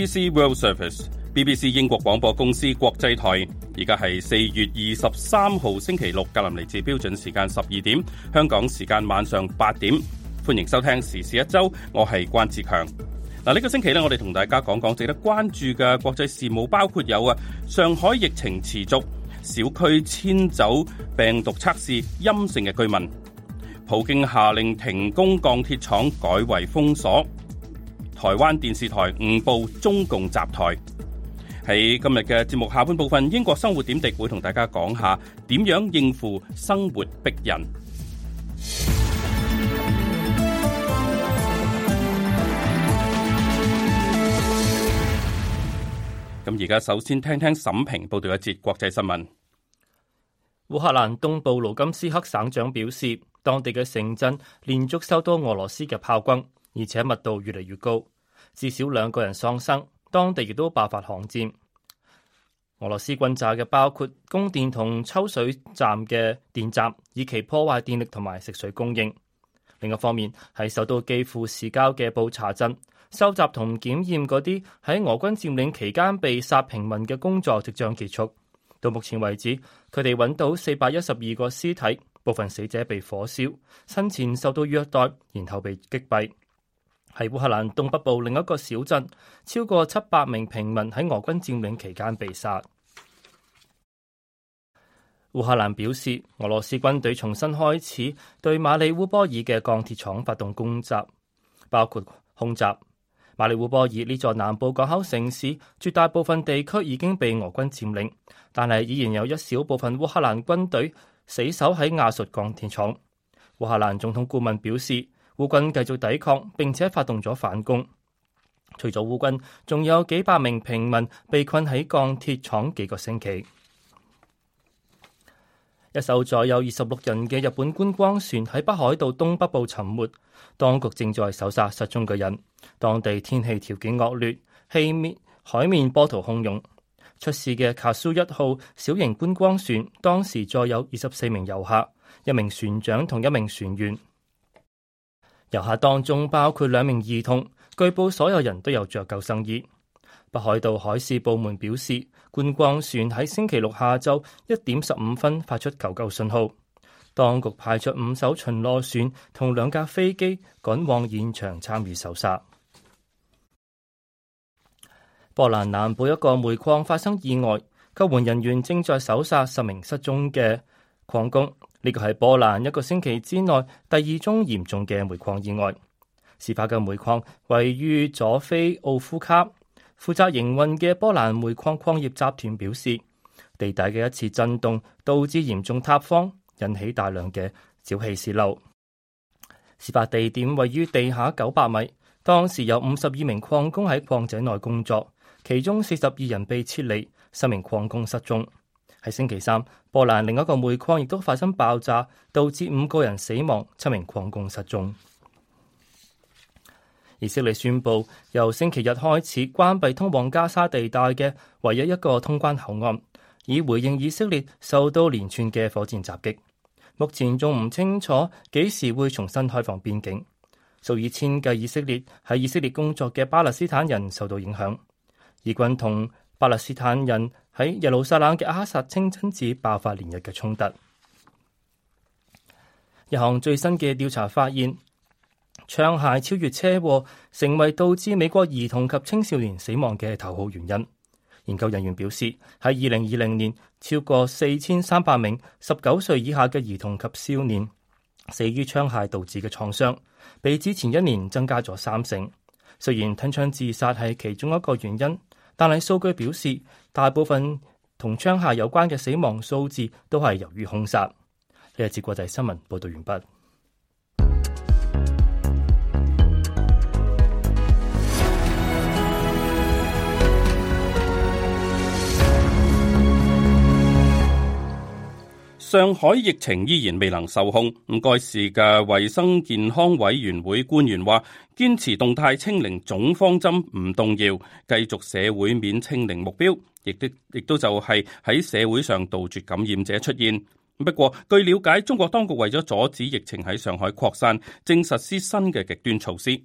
BBC World Service，BBC 英國廣播公司國際台，而家係四月二十三號星期六，格林尼治標準時間十二點，香港時間晚上八點，歡迎收聽時事一周，我係關智強。嗱，呢個星期咧，我哋同大家講講值得關注嘅國際事務，包括有啊，上海疫情持續，小區遷走病毒測試陰性嘅居民，普京下令停攻鋼鐵廠改為封鎖。台灣電視台誤報中共襲台。喺今日嘅節目下半部分，英國生活點滴會同大家講下點樣應付生活迫人。咁而家首先聽聽沈平報導一節國際新聞。烏克蘭東部盧甘斯克省長表示，當地嘅城鎮連續受到俄羅斯嘅炮轟。而且密度越嚟越高，至少兩個人喪生。當地亦都爆發巷戰。俄羅斯轟炸嘅包括供電同抽水站嘅電閘，以期破壞電力同埋食水供應。另一方面係受到基輔市郊嘅布查鎮收集同檢驗嗰啲喺俄軍佔領期間被殺平民嘅工作即將結束。到目前為止，佢哋揾到四百一十二個屍體，部分死者被火燒，生前受到虐待，然後被擊斃。係烏克蘭東北部另一個小鎮，超過七百名平民喺俄軍佔領期間被殺。烏克蘭表示，俄羅斯軍隊重新開始對馬里烏波爾嘅鋼鐵廠發動攻襲，包括空襲。馬里烏波爾呢座南部港口城市，絕大部分地區已經被俄軍佔領，但係依然有一小部分烏克蘭軍隊死守喺亞述鋼鐵廠。烏克蘭總統顧問表示。烏軍繼續抵抗，並且發動咗反攻。除咗烏軍，仲有幾百名平民被困喺鋼鐵廠幾個星期。 一艘載有二十六人嘅日本觀光船喺北海道東北部沉沒，當局正在搜索失蹤嘅人。當地天氣條件惡劣，氣面海面波濤洶湧。出事嘅卡蘇一號小型觀光船當時載有二十四名遊客、一名船長同一名船員。遊客當中包括兩名兒童，據報所有人都有着救生衣。北海道海事部門表示，觀光船喺星期六下晝一點十五分發出求救，救信號。當局派出五艘巡邏船同兩架飛機趕往現場參與搜索。波蘭南部一個煤礦發生意外，救援人員正在搜索十名失蹤嘅礦工。呢個係波蘭一個星期之內第二宗嚴重嘅煤礦意外。事發嘅煤礦位於佐菲奧夫卡，負責營運嘅波蘭煤礦礦業集團表示，地底嘅一次震動導致嚴重塌方，引起大量嘅沼氣洩漏。事發地點位於地下九百米，當時有五十二名礦工喺礦井內工作，其中四十二人被撤離，十名礦工失蹤。喺星期三，波蘭另一個煤礦亦都發生爆炸，導致五個人死亡，七名礦工失蹤。以色列宣布由星期日開始關閉通往加沙地帶嘅唯一一個通關口岸，以回應以色列受到連串嘅火箭襲擊。目前仲唔清楚幾時會重新開放邊境。數以千計以色列喺以色列工作嘅巴勒斯坦人受到影響。以軍同巴勒斯坦人喺耶路撒冷嘅阿克薩清真寺爆發連日嘅衝突。一項最新嘅調查發現，槍械超越車禍，成為導致美國兒童及青少年死亡嘅頭號原因。研究人員表示，喺二零二零年，超過四千三百名十九歲以下嘅兒童及少年死於槍械導致嘅創傷，比之前一年增加咗三成。雖然吞槍自殺係其中一個原因。但係數據表示，大部分同槍下有關嘅死亡數字都係由於兇殺。呢一次國際新聞報道完畢。上海疫情依然未能受控，唔該市嘅衛生健康委員會官員話，堅持動態清零總方針唔動搖，繼續社會面清零目標，亦都亦都就係喺社會上杜絕感染者出現。不過據了解，中國當局為咗阻止疫情喺上海擴散，正實施新嘅極端措施。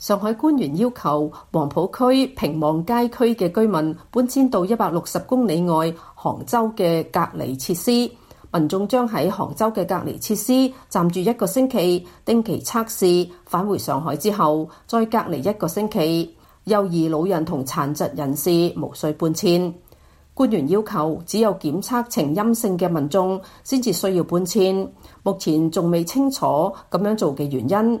上海官員要求黃浦區平望街區嘅居民搬遷到一百六十公里外杭州嘅隔離設施，民眾將喺杭州嘅隔離設施暫住一個星期，定期測試，返回上海之後再隔離一個星期。幼兒、老人同殘疾人士無需搬遷。官員要求只有檢測呈陰性嘅民眾先至需要搬遷。目前仲未清楚咁樣做嘅原因。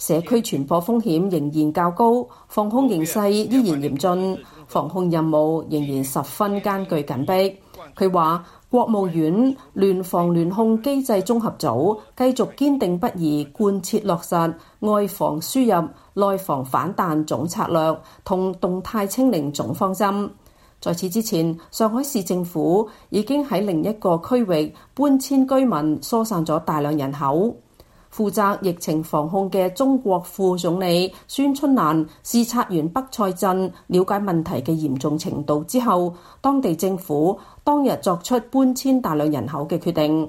社區傳播風險仍然較高，防控形勢依然嚴峻，防控任務仍然十分艱巨緊迫。佢話：國務院聯防聯控機制綜合組繼續堅定不移貫徹落實外防輸入、內防反彈總策略同動態清零總方針。在此之前，上海市政府已經喺另一個區域搬遷居民、疏散咗大量人口。負責疫情防控嘅中國副總理孫春蘭視察完北蔡鎮，了解問題嘅嚴重程度之後，當地政府當日作出搬遷大量人口嘅決定，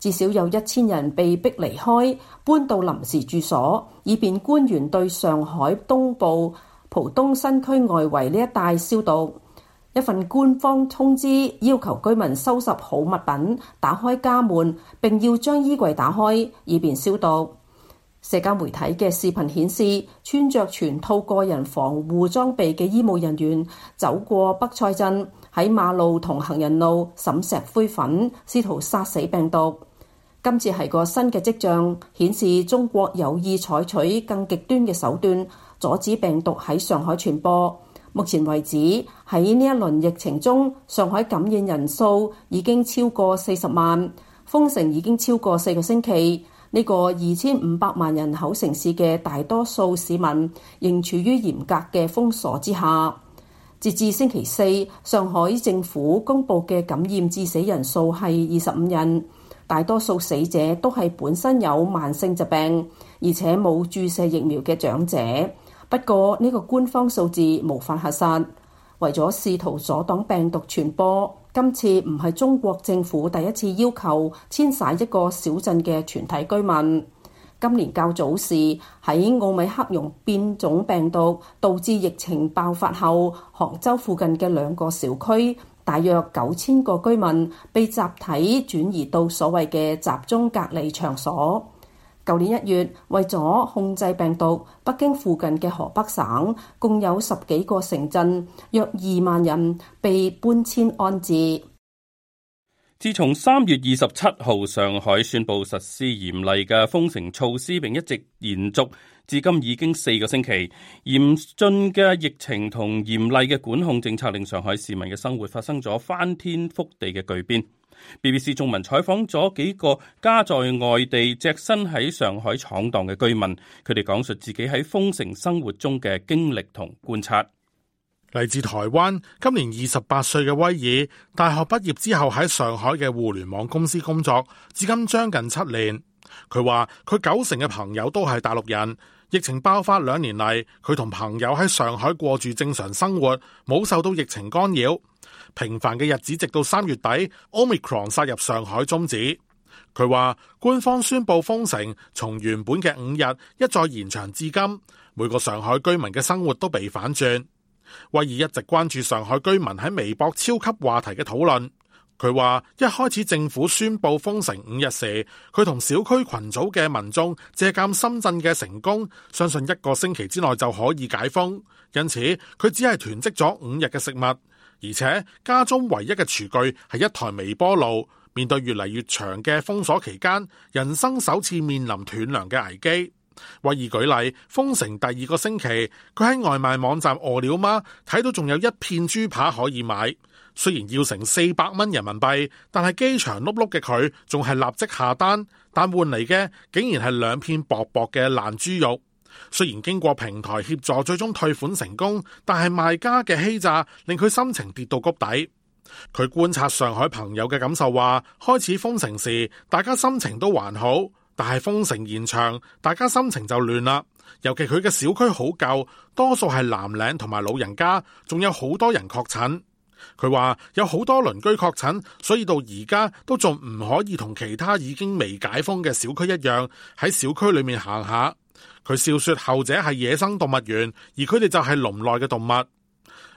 至少有一千人被逼離開，搬到臨時住所，以便官員對上海東部浦東新區外圍呢一帶消毒。一份官方通知要求居民收拾好物品，打開家門，並要將衣櫃打開以便消毒。社交媒體嘅視頻顯示，穿着全套個人防護裝備嘅醫務人員走過北蔡鎮，喺馬路同行人路，灑石灰粉，試圖殺死病毒。今次係個新嘅跡象，顯示中國有意採取更極端嘅手段阻止病毒喺上海傳播。目前為止喺呢一輪疫情中，上海感染人數已經超過四十萬，封城已經超過四個星期。呢個二千五百萬人口城市嘅大多數市民仍處於嚴格嘅封鎖之下。截至星期四，上海政府公布嘅感染致死人數係二十五人，大多數死者都係本身有慢性疾病而且冇注射疫苗嘅長者。不過呢個官方數字無法核實。為咗試圖阻擋病毒傳播，今次唔係中國政府第一次要求遷徙一個小鎮嘅全體居民。今年較早時，喺奧米克戎變種病毒導致疫情爆發後，杭州附近嘅兩個小區，大約九千個居民被集體轉移到所謂嘅集中隔離場所。舊年一月，為咗控制病毒，北京附近嘅河北省共有十幾個城鎮，約二萬人被搬遷安置。自從三月二十七號上海宣布實施嚴厲嘅封城措施，並一直延續至今，已經四個星期。嚴峻嘅疫情同嚴厲嘅管控政策，令上海市民嘅生活發生咗翻天覆地嘅巨變。BBC 中文採訪咗幾個家在外地、隻身喺上海闖蕩嘅居民，佢哋講述自己喺封城生活中嘅經歷同觀察。嚟自台灣，今年二十八歲嘅威爾，大學畢業之後喺上海嘅互聯網公司工作，至今將近七年。佢話佢九成嘅朋友都係大陸人。疫情爆發兩年嚟，佢同朋友喺上海過住正常生活，冇受到疫情干擾。平凡嘅日子，直到三月底，omicron 殺入上海終止。佢話官方宣布封城，從原本嘅五日一再延長至今，每個上海居民嘅生活都被反轉。慧儀一直關注上海居民喺微博超級話題嘅討論。佢話一開始政府宣布封城五日時，佢同小區群組嘅民眾借鑒深圳嘅成功，相信一個星期之內就可以解封，因此佢只係囤積咗五日嘅食物。而且家中唯一嘅廚具係一台微波爐，面對越嚟越長嘅封鎖期間，人生首次面臨斷糧嘅危機。惠兒舉例，封城第二個星期，佢喺外賣網站餓了麼睇到仲有一片豬扒可以買，雖然要成四百蚊人民幣，但係機場碌碌嘅佢仲係立即下單，但換嚟嘅竟然係兩片薄薄嘅爛豬肉。雖然經過平台協助，最終退款成功，但係賣家嘅欺詐令佢心情跌到谷底。佢觀察上海朋友嘅感受話：開始封城時，大家心情都還好，但係封城現場，大家心情就亂啦。尤其佢嘅小區好舊，多數係藍領同埋老人家，仲有好多人確診。佢話有好多鄰居確診，所以到而家都仲唔可以同其他已經未解封嘅小區一樣喺小區裏面行下。佢笑說後者係野生動物園，而佢哋就係籠內嘅動物。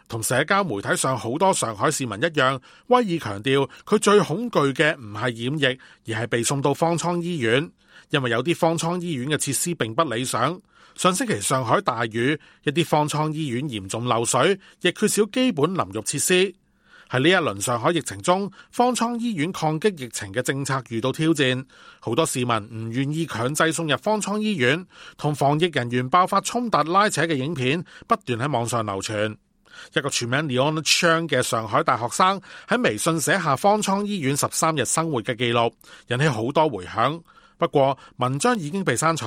同社交媒體上好多上海市民一樣，威爾強調佢最恐懼嘅唔係染疫，而係被送到方艙醫院，因為有啲方艙醫院嘅設施並不理想。上星期上海大雨，一啲方艙醫院嚴重漏水，亦缺少基本淋浴設施。喺呢一輪上海疫情中，方艙醫院抗擊疫情嘅政策遇到挑戰，好多市民唔願意強制送入方艙醫院，同防疫人員爆發衝突拉扯嘅影片不斷喺網上流傳。一個全名 Leon 李安昌嘅上海大學生喺微信寫下方艙醫院十三日生活嘅記錄，引起好多回響。不過文章已經被刪除。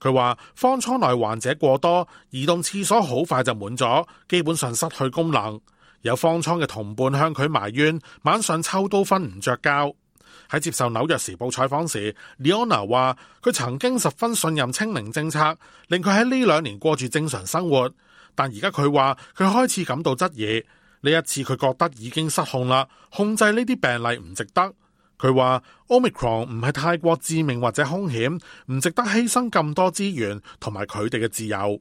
佢話方艙內患者過多，移動廁所好快就滿咗，基本上失去功能。有方艙嘅同伴向佢埋怨，晚上抽刀瞓唔着覺。喺接受紐約時報採訪時，李安娜話：佢曾經十分信任清零政策，令佢喺呢兩年過住正常生活。但而家佢話佢開始感到質疑，呢一次佢覺得已經失控啦，控制呢啲病例唔值得。佢話 omicron 唔係太過致命或者兇險，唔值得犧牲咁多資源同埋佢哋嘅自由。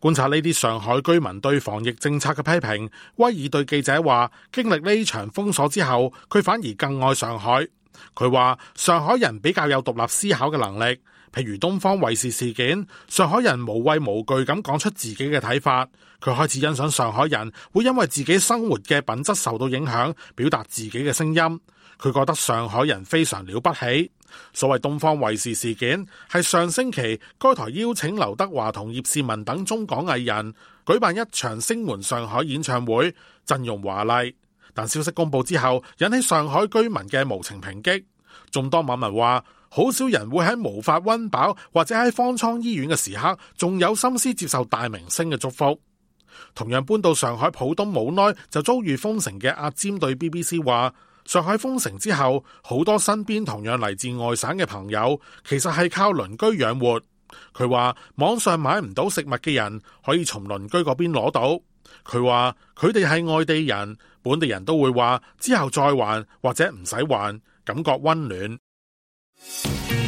觀察呢啲上海居民對防疫政策嘅批評，威爾對記者話：經歷呢場封鎖之後，佢反而更愛上海。佢話上海人比較有獨立思考嘅能力，譬如東方衛視事件，上海人無畏無懼咁講出自己嘅睇法。佢開始欣賞上海人會因為自己生活嘅品質受到影響，表達自己嘅聲音。佢覺得上海人非常了不起。所謂東方衛視事件，係上星期該台邀請劉德華同葉倩文等中港藝人舉辦一場聲援上海演唱會，陣容華麗。但消息公布之後，引起上海居民嘅無情抨擊。眾多網民話：好少人會喺無法溫飽或者喺方艙醫院嘅時刻，仲有心思接受大明星嘅祝福。同樣搬到上海浦東，冇耐就遭遇封城嘅阿占對 BBC 話。上海封城之後，好多身邊同樣嚟自外省嘅朋友，其實係靠鄰居養活。佢話網上買唔到食物嘅人，可以從鄰居嗰邊攞到。佢話佢哋係外地人，本地人都會話之後再還或者唔使還，感覺温暖。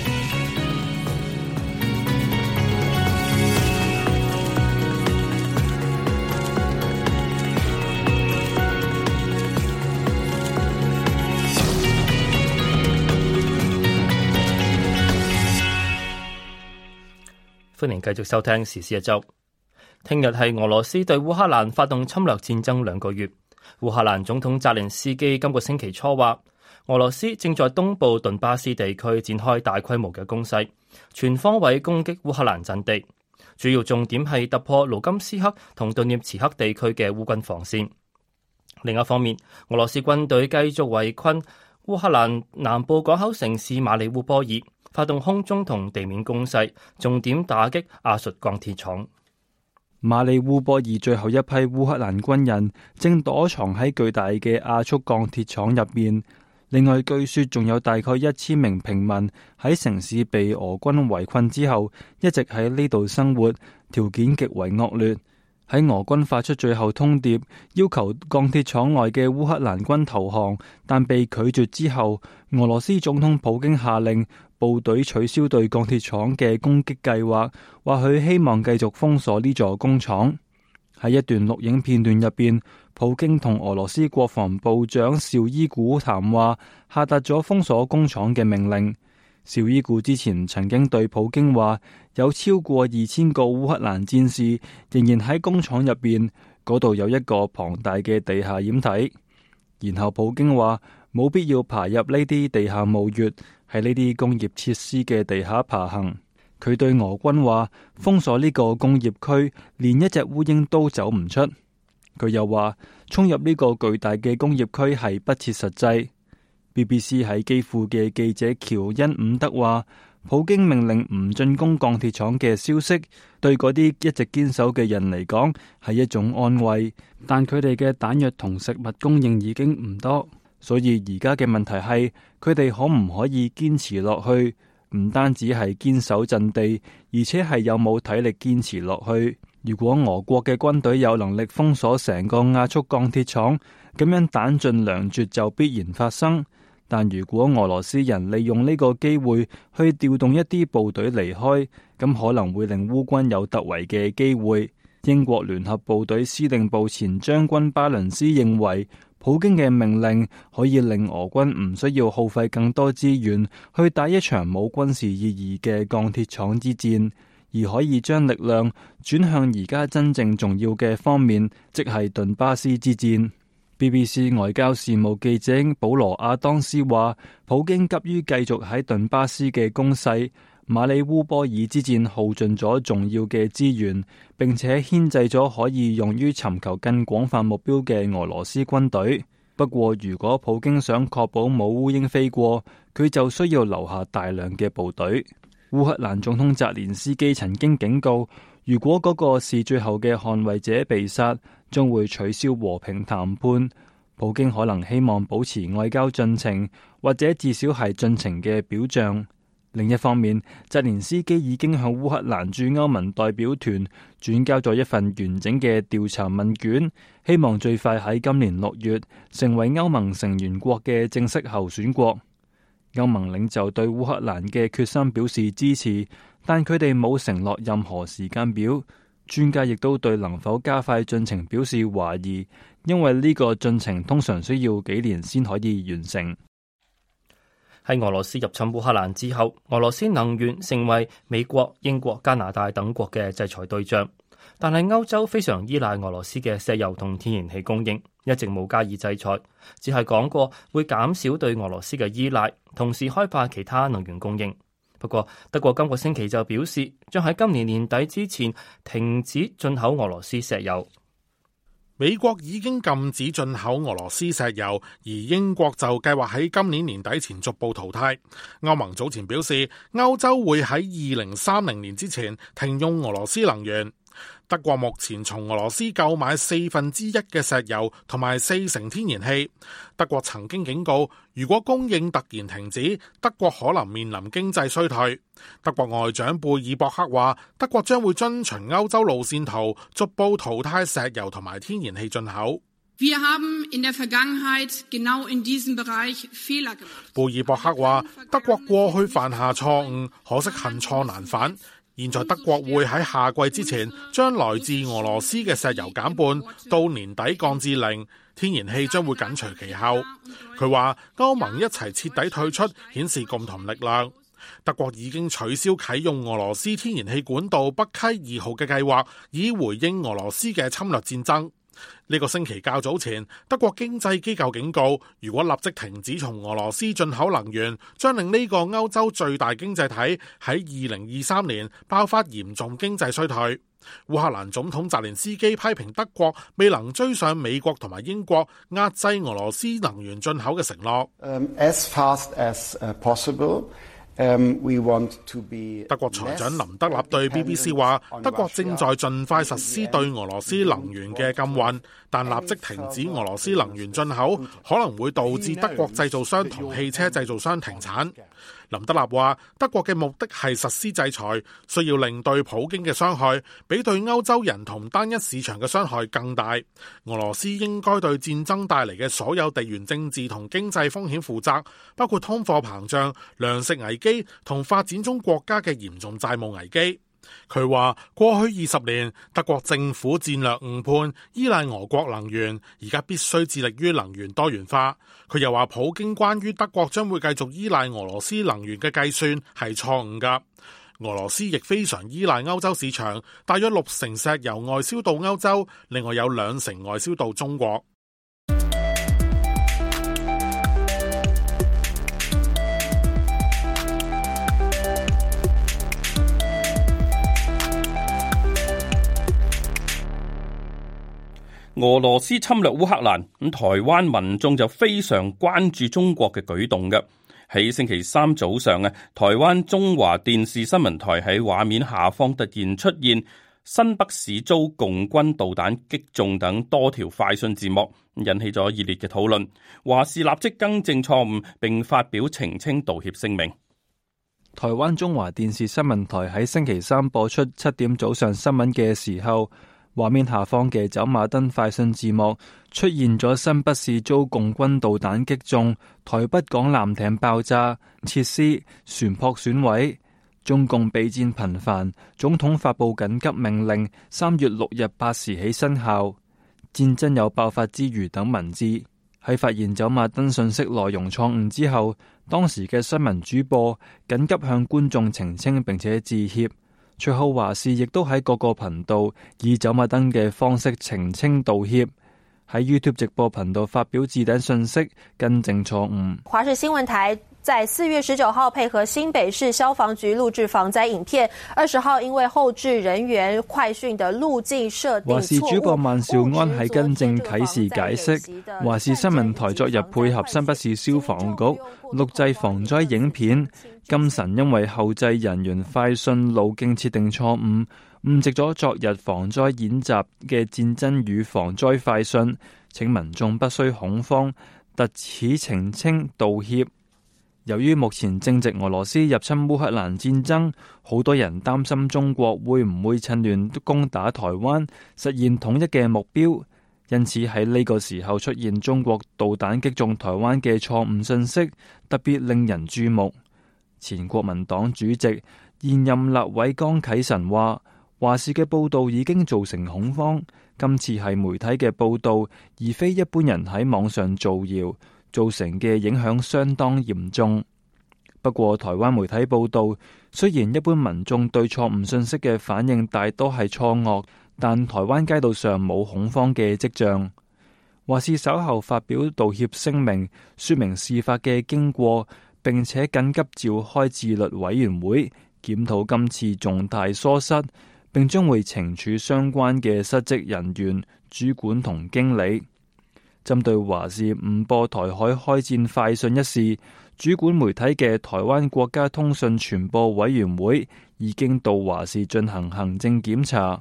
歡迎繼續收聽時事一周。聽日係俄羅斯對烏克蘭發動侵略戰爭兩個月，烏克蘭總統澤連斯基今個星期初話，俄羅斯正在東部頓巴斯地區展開大規模嘅攻勢，全方位攻擊烏克蘭陣地，主要重點係突破盧甘斯克同頓涅茨克地區嘅烏軍防線。另一方面，俄羅斯軍隊繼續圍困烏克蘭南部港口城市馬里烏波爾。發動空中同地面攻勢，重點打擊亞述鋼鐵廠。馬里烏波爾最後一批烏克蘭軍人正躲藏喺巨大嘅亞速鋼鐵廠入面。另外，據說仲有大概一千名平民喺城市被俄軍圍困之後，一直喺呢度生活，條件極為惡劣。喺俄軍發出最後通牒，要求鋼鐵廠內嘅烏克蘭軍投降，但被拒絕之後，俄羅斯總統普京下令。部隊取消對鋼鐵廠嘅攻擊計劃，話佢希望繼續封鎖呢座工廠。喺一段錄影片段入邊，普京同俄羅斯國防部長紹伊古談話，下達咗封鎖工廠嘅命令。紹伊古之前曾經對普京話，有超過二千個烏克蘭戰士仍然喺工廠入邊，嗰度有一個龐大嘅地下掩體。然後普京話冇必要爬入呢啲地下墓穴。喺呢啲工業設施嘅地下爬行，佢對俄軍話封鎖呢個工業區，連一隻烏蠅都走唔出。佢又話衝入呢個巨大嘅工業區係不切實際。BBC 喺基輔嘅記者喬恩伍德話，普京命令唔進攻鋼鐵廠嘅消息，對嗰啲一直堅守嘅人嚟講係一種安慰，但佢哋嘅彈藥同食物供應已經唔多。所以而家嘅問題係，佢哋可唔可以堅持落去？唔單止係堅守陣地，而且係有冇體力堅持落去？如果俄國嘅軍隊有能力封鎖成個亞速鋼鐵廠，咁樣彈盡糧絕就必然發生。但如果俄羅斯人利用呢個機會去調動一啲部隊離開，咁可能會令烏軍有突圍嘅機會。英國聯合部隊司令部前將軍巴倫斯認為。普京嘅命令可以令俄軍唔需要耗費更多資源去打一場冇軍事意義嘅鋼鐵廠之戰，而可以將力量轉向而家真正重要嘅方面，即係頓巴斯之戰。BBC 外交事務記者保羅亞當斯話，普京急於繼續喺頓巴斯嘅攻勢。馬里烏波爾之戰耗盡咗重要嘅資源，並且牽制咗可以用於尋求更廣泛目標嘅俄羅斯軍隊。不過，如果普京想確保冇烏蠅飛過，佢就需要留下大量嘅部隊。烏克蘭總統澤連斯基曾經警告，如果嗰個是最後嘅捍衛者被殺，將會取消和平談判。普京可能希望保持外交進程，或者至少係進程嘅表象。另一方面，澤連斯基已經向烏克蘭駐歐盟代表團轉交咗一份完整嘅調查問卷，希望最快喺今年六月成為歐盟成員國嘅正式候選國。歐盟領袖對烏克蘭嘅決心表示支持，但佢哋冇承諾任何時間表。專家亦都對能否加快進程表示懷疑，因為呢個進程通常需要幾年先可以完成。喺俄羅斯入侵烏克蘭之後，俄羅斯能源成為美國、英國、加拿大等國嘅制裁對象。但係歐洲非常依賴俄羅斯嘅石油同天然氣供應，一直冇加以制裁，只係講過會減少對俄羅斯嘅依賴，同時開發其他能源供應。不過，德國今個星期就表示，將喺今年年底之前停止進口俄羅斯石油。美國已經禁止進口俄羅斯石油，而英國就計劃喺今年年底前逐步淘汰。歐盟早前表示，歐洲會喺二零三零年之前停用俄羅斯能源。德國目前從俄羅斯購買四分之一嘅石油同埋四成天然氣。德國曾經警告，如果供應突然停止，德國可能面臨經濟衰退。德國外長貝爾博克話，德國將會遵循歐洲路線圖，逐步淘汰石油同埋天然氣進口。貝爾博克話，德國過去犯下錯誤，可惜恨錯難返。現在德國會喺夏季之前將來自俄羅斯嘅石油減半，到年底降至零，天然氣將會緊隨其後。佢話，歐盟一齊徹底退出，顯示共同力量。德國已經取消啟用俄羅斯天然氣管道北溪二號嘅計劃，以回應俄羅斯嘅侵略戰爭。呢個星期較早前，德國經濟機構警告，如果立即停止從俄羅斯進口能源，將令呢個歐洲最大經濟體喺二零二三年爆發嚴重經濟衰退。烏克蘭總統澤連斯基批評德國未能追上美國同埋英國壓制俄羅斯能源進口嘅承諾。Um, as fast as possible 德國財長林德納對 BBC 話，德國正在盡快實施對俄羅斯能源嘅禁運，但立即停止俄羅斯能源進口可能會導致德國製造商同汽車製造商停產。林德立話：德國嘅目的係實施制裁，需要令對普京嘅傷害比對歐洲人同單一市場嘅傷害更大。俄羅斯應該對戰爭帶嚟嘅所有地緣政治同經濟風險負責，包括通貨膨脹、糧食危機同發展中國家嘅嚴重債務危機。佢話過去二十年德國政府戰略誤判，依賴俄國能源，而家必須致力於能源多元化。佢又話普京關於德國將會繼續依賴俄羅斯能源嘅計算係錯誤㗎。俄羅斯亦非常依賴歐洲市場，大約六成石油外銷到歐洲，另外有兩成外銷到中國。俄羅斯侵略烏克蘭，咁台灣民眾就非常關注中國嘅舉動嘅。喺星期三早上啊，台灣中華電視新聞台喺畫面下方突然出現新北市遭共軍導彈擊中等多條快訊字幕，引起咗熱烈嘅討論。華視立即更正錯誤，並發表澄清道歉聲明。台灣中華電視新聞台喺星期三播出七點早上新聞嘅時候。畫面下方嘅走馬燈快訊字幕出現咗新北市遭共軍導彈擊中、台北港艦艇爆炸、設施船舶損毀、中共備戰頻繁、總統發布緊急命令、三月六日八時起生效、戰爭有爆發之餘等文字。喺發現走馬燈信息內容錯誤之後，當時嘅新聞主播緊急向觀眾澄清，並且致歉。隨後，華視亦都喺各個頻道以走馬燈嘅方式澄清道歉，喺 YouTube 直播頻道發表置頂信息更正錯誤。華在四月十九號配合新北市消防局錄製防災影片，二十號因為後置人員快訊的路徑設定錯誤，華視主播萬兆安喺更正啟事解釋華視新聞台昨日配合新北市消防局錄製防，防災影片，今晨因為後製人員快訊路徑設定錯誤，誤植咗昨日防災演習嘅戰爭與防災快訊，請民眾不需恐慌，特此澄清道歉。由於目前正值俄羅斯入侵烏克蘭戰爭，好多人擔心中國會唔會趁亂攻打台灣，實現統一嘅目標。因此喺呢個時候出現中國導彈擊中台灣嘅錯誤信息，特別令人注目。前國民黨主席、現任立委江啟臣話：華視嘅報導已經造成恐慌，今次係媒體嘅報導，而非一般人喺網上造謠。造成嘅影響相當嚴重。不過台灣媒體報道，雖然一般民眾對錯誤信息嘅反應大多係錯愕，但台灣街道上冇恐慌嘅跡象。華視稍後發表道歉聲明，說明事發嘅經過，並且緊急召開自律委員會檢討今次重大疏失，並將會懲處相關嘅失職人員、主管同經理。針對華視誤播台海開戰快訊一事，主管媒體嘅台灣國家通訊傳播委員會已經到華視進行行政檢查。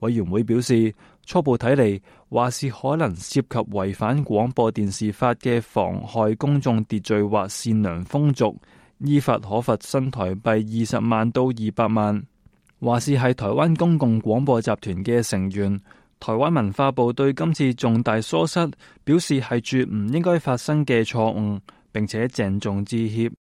委員會表示，初步睇嚟，華視可能涉及違反廣播電視法嘅妨害公眾秩序或善良風俗，依法可罰新台幣二十萬到二百萬。華視係台灣公共廣播集團嘅成員。台灣文化部對今次重大疏失表示係絕唔應該發生嘅錯誤，並且鄭重致歉。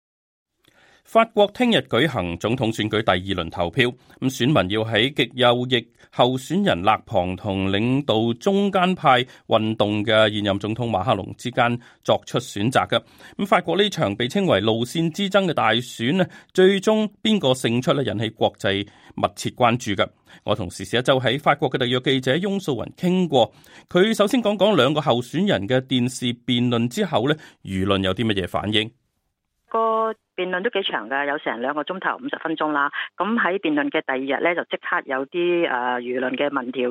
法國聽日舉行總統選舉第二輪投票，咁選民要喺極右翼候選人勒龐同領導中間派運動嘅現任總統馬克龍之間作出選擇嘅。咁法國呢場被稱為路線之爭嘅大選咧，最終邊個勝出咧，引起國際密切關注嘅。我同時事一周喺法國嘅特約記者翁素雲傾過，佢首先講講兩個候選人嘅電視辯論之後呢，輿論有啲乜嘢反應、啊辯論都幾長㗎，有成兩個鐘頭五十分鐘啦。咁喺辯論嘅第二日呢，就即刻有啲誒、呃、輿論嘅民調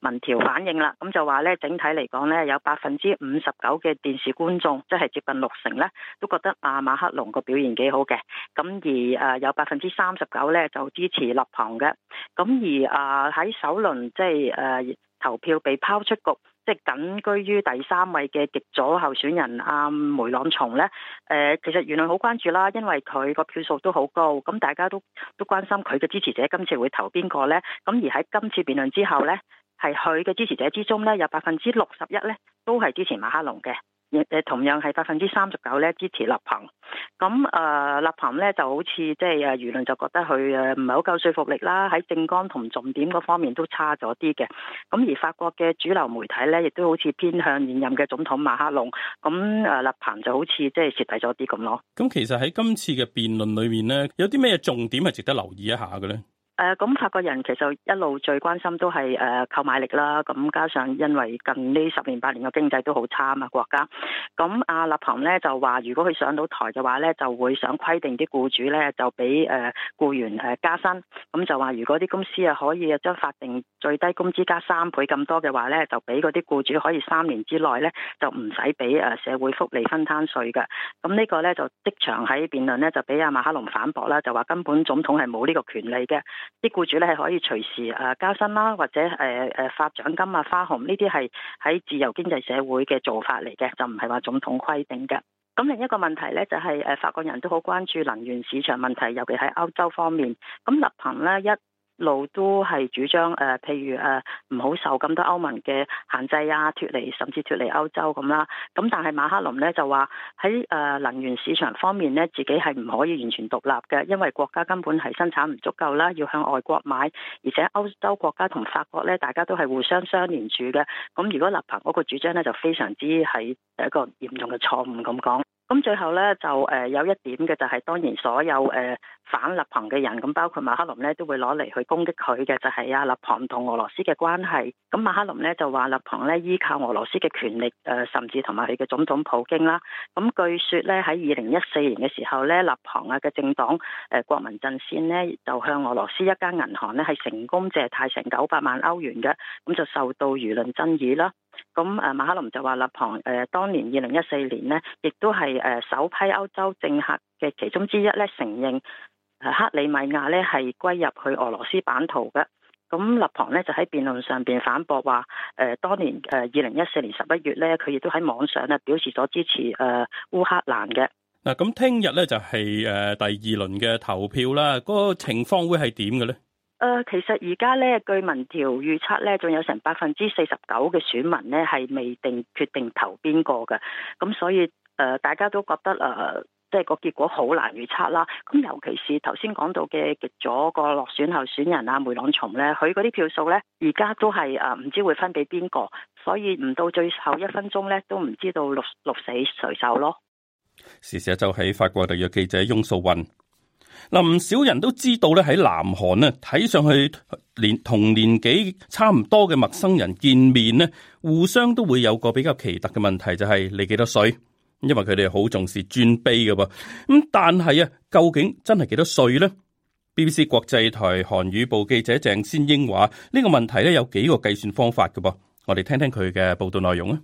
民調反應啦。咁就話呢，整體嚟講呢，有百分之五十九嘅電視觀眾，即係接近六成呢，都覺得啊馬克龍個表現幾好嘅。咁而誒、呃、有百分之三十九呢，就支持勒龐嘅。咁而誒喺、呃、首輪即係誒、呃、投票被拋出局。即係僅居於第三位嘅極左候選人阿梅朗松呢，誒、呃、其實輿論好關注啦，因為佢個票數都好高，咁大家都都關心佢嘅支持者今次會投邊個呢？咁而喺今次辯論之後呢，係佢嘅支持者之中呢，有百分之六十一呢都係支持馬克龍嘅。亦同樣係百分之三十九咧支持勒龐，咁誒勒龐咧就好似即係誒輿論就覺得佢誒唔係好夠說服力啦，喺政綱同重點嗰方面都差咗啲嘅。咁而法國嘅主流媒體咧，亦都好似偏向現任嘅總統馬克龍，咁誒勒龐就好似即係蝕底咗啲咁咯。咁其實喺今次嘅辯論裏面咧，有啲咩重點係值得留意一下嘅咧？誒咁、嗯、法國人其實一路最關心都係誒、呃、購買力啦，咁加上因為近呢十年八年嘅經濟都好差啊嘛，國家，咁、嗯、阿勒龐呢就話如果佢上到台嘅話呢，就會想規定啲僱主呢就俾誒僱員誒加薪，咁、嗯、就話如果啲公司啊可以啊將法定最低工資加三倍咁多嘅話呢，就俾嗰啲僱主可以三年之內呢就唔使俾誒社會福利分攤稅嘅，咁、嗯、呢、這個呢，就即場喺辯論呢，就俾阿馬克龍反駁啦，就話根本總統係冇呢個權力嘅。啲僱主咧係可以隨時誒加薪啦，或者誒誒發獎金啊、花紅呢啲係喺自由經濟社會嘅做法嚟嘅，就唔係話總統規定嘅。咁另一個問題咧就係、是、誒法國人都好關注能源市場問題，尤其喺歐洲方面。咁勒龐咧一路都係主張誒、呃，譬如誒唔、呃、好受咁多歐盟嘅限制啊，脱離甚至脱離歐洲咁啦。咁但係馬克龍咧就話喺誒能源市場方面咧，自己係唔可以完全獨立嘅，因為國家根本係生產唔足夠啦，要向外國買。而且歐洲國家同法國咧，大家都係互相相連住嘅。咁如果勒龐嗰個主張咧，就非常之係一個嚴重嘅錯誤咁講。咁最後咧就誒有一點嘅就係、是、當然所有誒、呃、反立旁嘅人，咁包括馬克龍咧都會攞嚟去攻擊佢嘅，就係、是、啊立旁同俄羅斯嘅關係。咁馬克龍咧就話立旁咧依靠俄羅斯嘅權力，誒、呃、甚至同埋佢嘅總統普京啦。咁據說咧喺二零一四年嘅時候咧，立旁啊嘅政黨誒、呃、國民陣線咧就向俄羅斯一間銀行咧係成功借貸成九百萬歐元嘅，咁就受到輿論爭議啦。咁誒，馬克龍就話勒龐誒，當年二零一四年呢，亦都係誒首批歐洲政客嘅其中之一咧，承認誒克里米亞咧係歸入去俄羅斯版圖嘅。咁勒龐咧就喺辯論上邊反駁話，誒當年誒二零一四年十一月咧，佢亦都喺網上啊表示咗支持誒烏克蘭嘅。嗱，咁聽日咧就係誒第二輪嘅投票啦，嗰、嗰個情況會係點嘅咧？誒、呃，其實而家咧，據民調預測咧，仲有成百分之四十九嘅選民咧係未定決定投邊個嘅，咁所以誒、呃，大家都覺得誒，即、呃、係、個結果好難預測啦。咁尤其是頭先講到嘅極左嗰個落選候選人阿、啊、梅朗松咧，佢嗰啲票數咧，而家都係誒，唔知會分俾邊個，所以唔到最後一分鐘咧，都唔知道鹿鹿死誰手咯。時事一周喺法國特約記者翁素云。嗱，唔少人都知道咧，喺南韓咧，睇上去年同年紀差唔多嘅陌生人見面咧，互相都會有個比較奇特嘅問題，就係、是、你幾多歲？因為佢哋好重視尊卑嘅噃。咁，但係啊，究竟真係幾多歲呢？BBC 國際台韓語部記者鄭先英話呢、呢個問題咧，有幾個計算方法嘅噃，我哋聽聽佢嘅報道內容啊。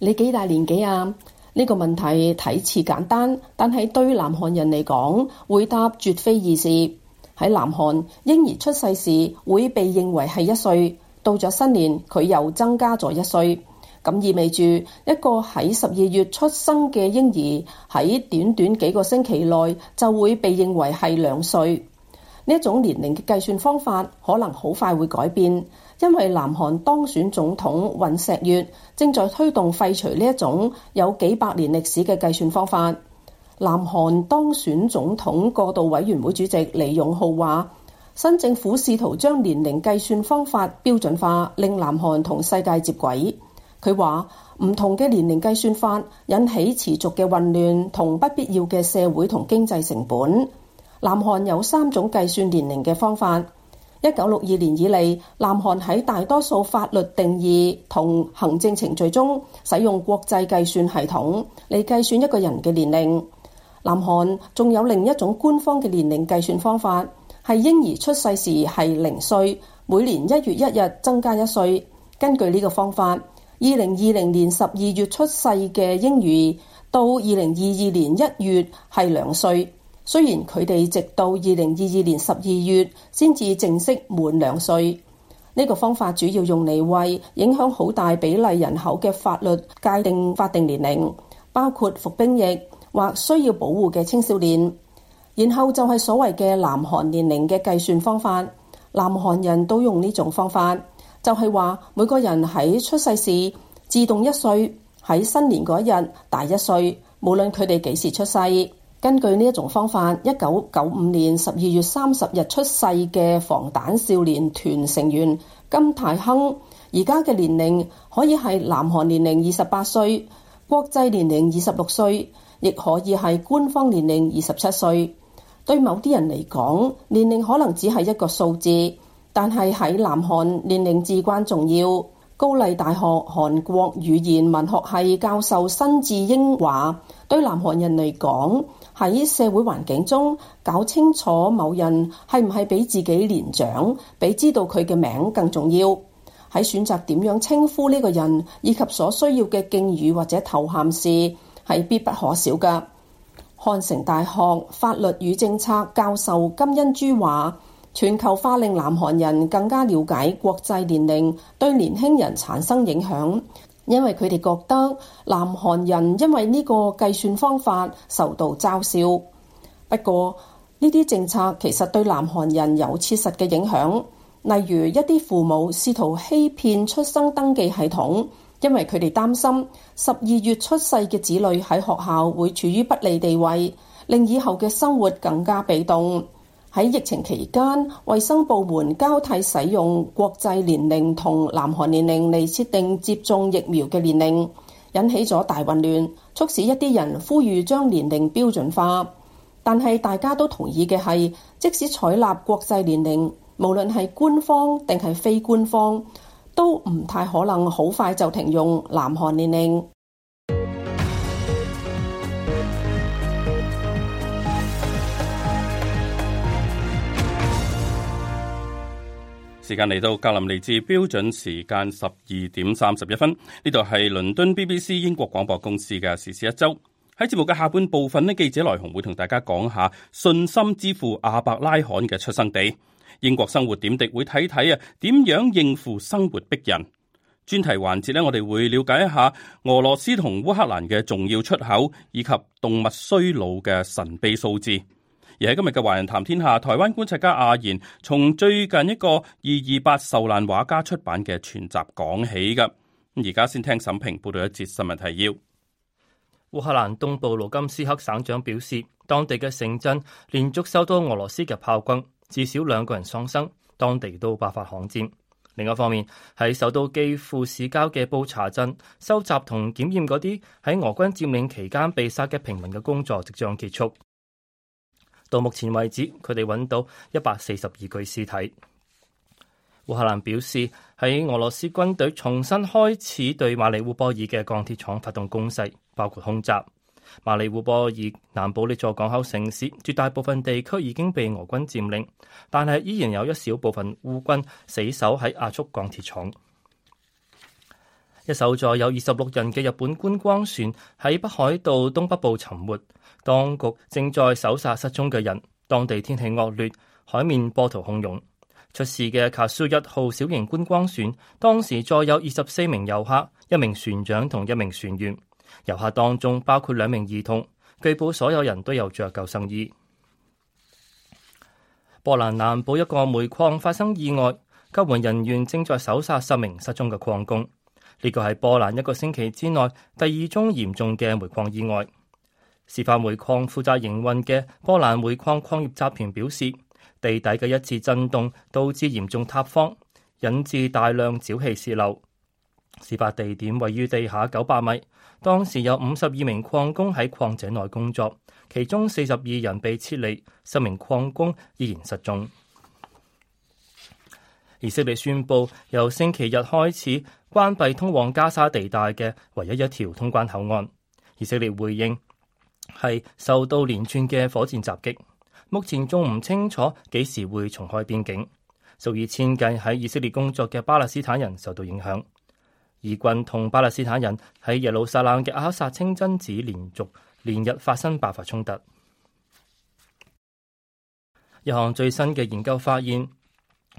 你幾大年紀啊？呢個問題睇似簡單，但係對南韓人嚟講，回答絕非易事。喺南韓，嬰兒出世時會被認為係一歲，到咗新年佢又增加咗一歲，咁意味住一個喺十二月出生嘅嬰兒，喺短短幾個星期內，就會被認為係兩歲。呢一種年齡嘅計算方法可能好快會改變，因為南韓當選總統尹錫悅正在推動廢除呢一種有幾百年歷史嘅計算方法。南韓當選總統過渡委員會主席李勇浩話，新政府試圖將年齡計算方法標準化，令南韓同世界接軌。佢話唔同嘅年齡計算法引起持續嘅混亂同不必要嘅社會同經濟成本。南韓有三種計算年齡嘅方法。一九六二年以嚟，南韓喺大多數法律定義同行政程序中使用國際計算系統嚟計算一個人嘅年齡。南韓仲有另一種官方嘅年齡計算方法，係嬰兒出世時係零歲，每年一月一日增加一歲。根據呢個方法，二零二零年十二月出世嘅嬰兒到二零二二年一月係兩歲。雖然佢哋直到二零二二年十二月先至正式滿兩歲，呢個方法主要用嚟為影響好大比例人口嘅法律界定法定年齡，包括服兵役或需要保護嘅青少年。然後就係所謂嘅南韓年齡嘅計算方法，南韓人都用呢種方法，就係話每個人喺出世時自動一歲，喺新年嗰日大一歲，無論佢哋幾時出世。根據呢一種方法，一九九五年十二月三十日出世嘅防彈少年團成員金泰亨，而家嘅年齡可以係南韓年齡二十八歲，國際年齡二十六歲，亦可以係官方年齡二十七歲。對某啲人嚟講，年齡可能只係一個數字，但係喺南韓，年齡至關重要。高麗大學韓國語言文學系教授申智英話：對南韓人嚟講，喺社會環境中搞清楚某人係唔係比自己年長，比知道佢嘅名更重要。喺選擇點樣稱呼呢個人以及所需要嘅敬語或者頭銜時，係必不可少㗎。漢城大學法律與政策教授金恩珠話：全球化令南韓人更加了解國際年齡，對年輕人產生影響。因為佢哋覺得南韓人因為呢個計算方法受到嘲笑。不過呢啲政策其實對南韓人有切實嘅影響，例如一啲父母試圖欺騙出生登記系統，因為佢哋擔心十二月出世嘅子女喺學校會處於不利地位，令以後嘅生活更加被動。喺疫情期間，衛生部門交替使用國際年齡同南韓年齡嚟設定接種疫苗嘅年齡，引起咗大混亂，促使一啲人呼籲將年齡標準化。但係大家都同意嘅係，即使採納國際年齡，無論係官方定係非官方，都唔太可能好快就停用南韓年齡。時間嚟到格林尼治標準時間十二點三十一分，呢度係倫敦 BBC 英國廣播公司嘅時事一周。喺節目嘅下半部分呢，記者來鴻會同大家講下信心之父阿伯拉罕嘅出生地。英國生活點滴會睇睇啊，點樣應付生活迫人。專題環節呢，我哋會了解一下俄羅斯同烏克蘭嘅重要出口，以及動物衰老嘅神秘數字。而喺今日嘅《華人談天下》，台灣觀察家阿賢從最近一個二二八受難畫家出版嘅全集講起。噶，而家先聽沈平報道一節新聞提要。烏克蘭東部盧甘斯克省長表示，當地嘅城鎮連續受到俄羅斯嘅炮轟，至少兩個人喪生，當地都爆發巷戰。另一方面，喺首都基輔市郊嘅布查鎮，收集同檢驗嗰啲喺俄軍佔領期間被殺嘅平民嘅工作即將結束。到目前為止，佢哋揾到一百四十二具屍體。烏克蘭表示，喺俄羅斯軍隊重新開始對馬里烏波爾嘅鋼鐵廠發動攻勢，包括空襲。馬里烏波爾南部呢座港口城市，絕大部分地區已經被俄軍佔領，但係依然有一小部分烏軍死守喺亞速鋼鐵廠。一艘載有二十六人嘅日本觀光船喺北海道東北部沉沒。當局正在搜索失蹤嘅人。當地天氣惡劣，海面波濤洶湧，湧。出事嘅卡蘇一號小型觀光船當時載有二十四名遊客，一名船長同一名船員。遊客當中包括兩名兒童。據報，所有人都有着救生衣。波蘭南部一個煤礦發生意外，救援人員正在搜索十名失蹤嘅礦工。呢個係波蘭一個星期之內第二宗嚴重嘅煤礦意外。事發煤礦負責營運嘅波蘭煤礦礦業集團表示，地底嘅一次震動導致嚴重塌方，引致大量沼氣洩漏。事發地點位於地下九百米，當時有五十二名礦工喺礦井內工作，其中四十二人被撤離，十名礦工依然失蹤。以色列宣布由星期日開始關閉通往加沙地帶嘅唯一一條通關口岸。以色列回應，係受到連串嘅火箭襲擊，目前仲唔清楚幾時會重開邊境，數以千計喺以色列工作嘅巴勒斯坦人受到影響。以軍同巴勒斯坦人喺耶路撒冷嘅阿克薩清真寺連續連日發生爆發衝突。一項最新嘅研究發現，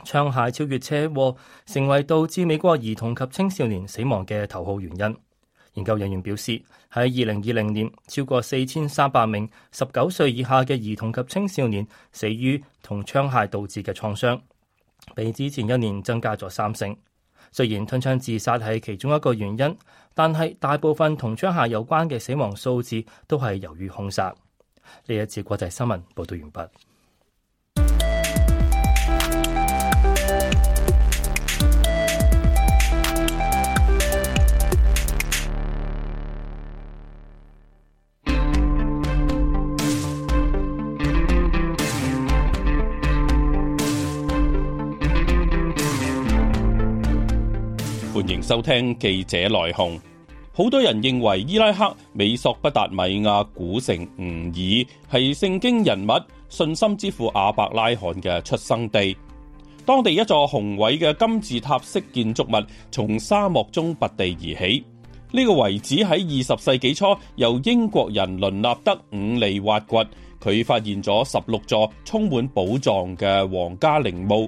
槍械超越車禍，成為導致美國兒童及青少年死亡嘅頭號原因。研究人員表示，喺二零二零年，超過四千三百名十九歲以下嘅兒童及青少年死於同槍械導致嘅創傷，比之前一年增加咗三成。雖然吞槍自殺係其中一個原因，但係大部分同槍械有關嘅死亡數字都係由於兇殺。呢一次國際新聞報道完畢。歡迎收聽記者來鴻。好多人認為伊拉克美索不達米亞古城烏爾係聖經人物信心之父阿伯拉罕嘅出生地。當地一座宏偉嘅金字塔式建築物從沙漠中拔地而起。呢、這個遺址喺二十世紀初由英國人倫納德五利挖掘，佢發現咗十六座充滿寶藏嘅皇家陵墓。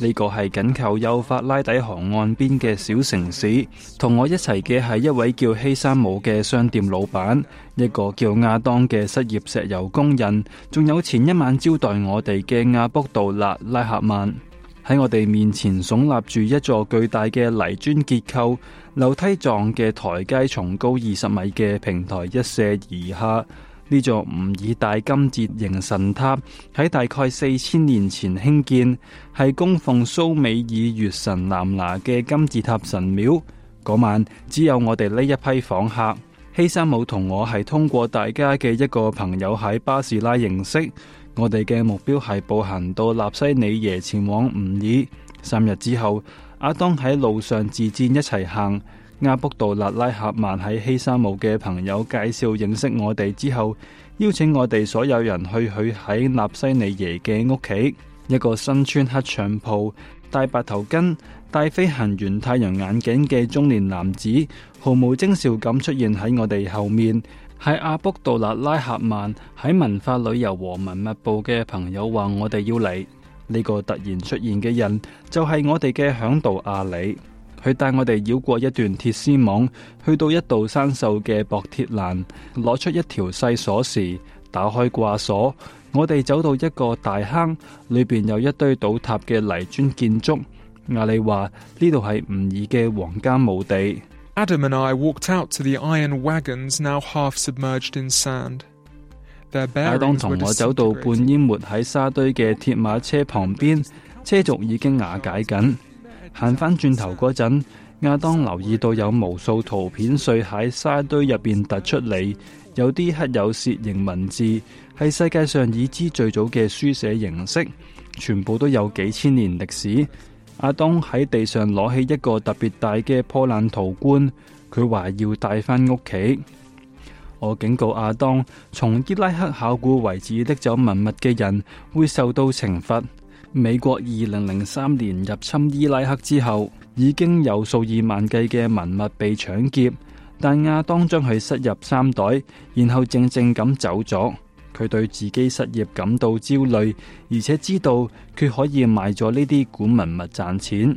呢個係緊靠幼發拉底河岸邊嘅小城市，同我一齊嘅係一位叫希山姆嘅商店老闆，一個叫亞當嘅失業石油工人，仲有前一晚招待我哋嘅亞卜杜勒拉克曼。喺我哋面前聳立住一座巨大嘅泥磚結構樓梯狀嘅台階，從高二十米嘅平台一瀉而下。呢座吳爾大金字形神塔喺大概四千年前興建，係供奉蘇美爾月神南拿嘅金字塔神廟。嗰晚只有我哋呢一批訪客，希山姆同我係通過大家嘅一個朋友喺巴士拉認識。我哋嘅目標係步行到納西里耶前往吳爾。三日之後，阿當喺路上自薦一齊行。阿卜杜勒拉赫曼喺希沙姆嘅朋友介紹認識我哋之後，邀請我哋所有人去佢喺納西尼耶嘅屋企。一個身穿黑長袍、戴白頭巾、戴飛行員太陽眼鏡嘅中年男子，毫無徵兆咁出現喺我哋後面。係阿卜杜勒拉赫曼喺文化旅遊和文物部嘅朋友話我哋要嚟，呢個突然出現嘅人就係我哋嘅響導阿里。佢帶我哋繞過一段鐵絲網，去到一道生鏽嘅薄鐵欄，攞出一條細鎖匙，打開掛鎖。我哋走到一個大坑，裏邊有一堆倒塌嘅泥磚建築。亞利話：呢度係吳爾嘅皇家墓地。亞當同我走到半淹沒喺沙堆嘅鐵馬車旁邊，車軸已經瓦解緊。行翻轉頭嗰陣，亞當留意到有無數圖片碎喺沙堆入邊突出嚟，有啲刻有楔形文字係世界上已知最早嘅書寫形式，全部都有幾千年歷史。亞當喺地上攞起一個特別大嘅破爛陶罐，佢話要帶翻屋企。我警告亞當，從伊拉克考古遺址拎走文物嘅人會受到懲罰。美國二零零三年入侵伊拉克之後，已經有數以萬計嘅文物被搶劫。但亞當將佢塞入三袋，然後靜靜咁走咗。佢對自己失業感到焦慮，而且知道佢可以賣咗呢啲古文物賺錢。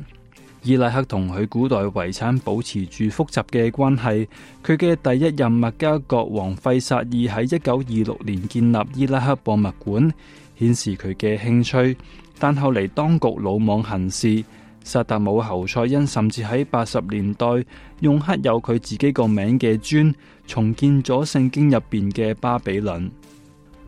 伊拉克同佢古代遺產保持住複雜嘅關係。佢嘅第一任麥加國王費薩爾喺一九二六年建立伊拉克博物館，顯示佢嘅興趣。但後嚟當局魯莽行事，薩達姆侯賽因甚至喺八十年代用刻有佢自己個名嘅磚重建咗聖經入邊嘅巴比倫。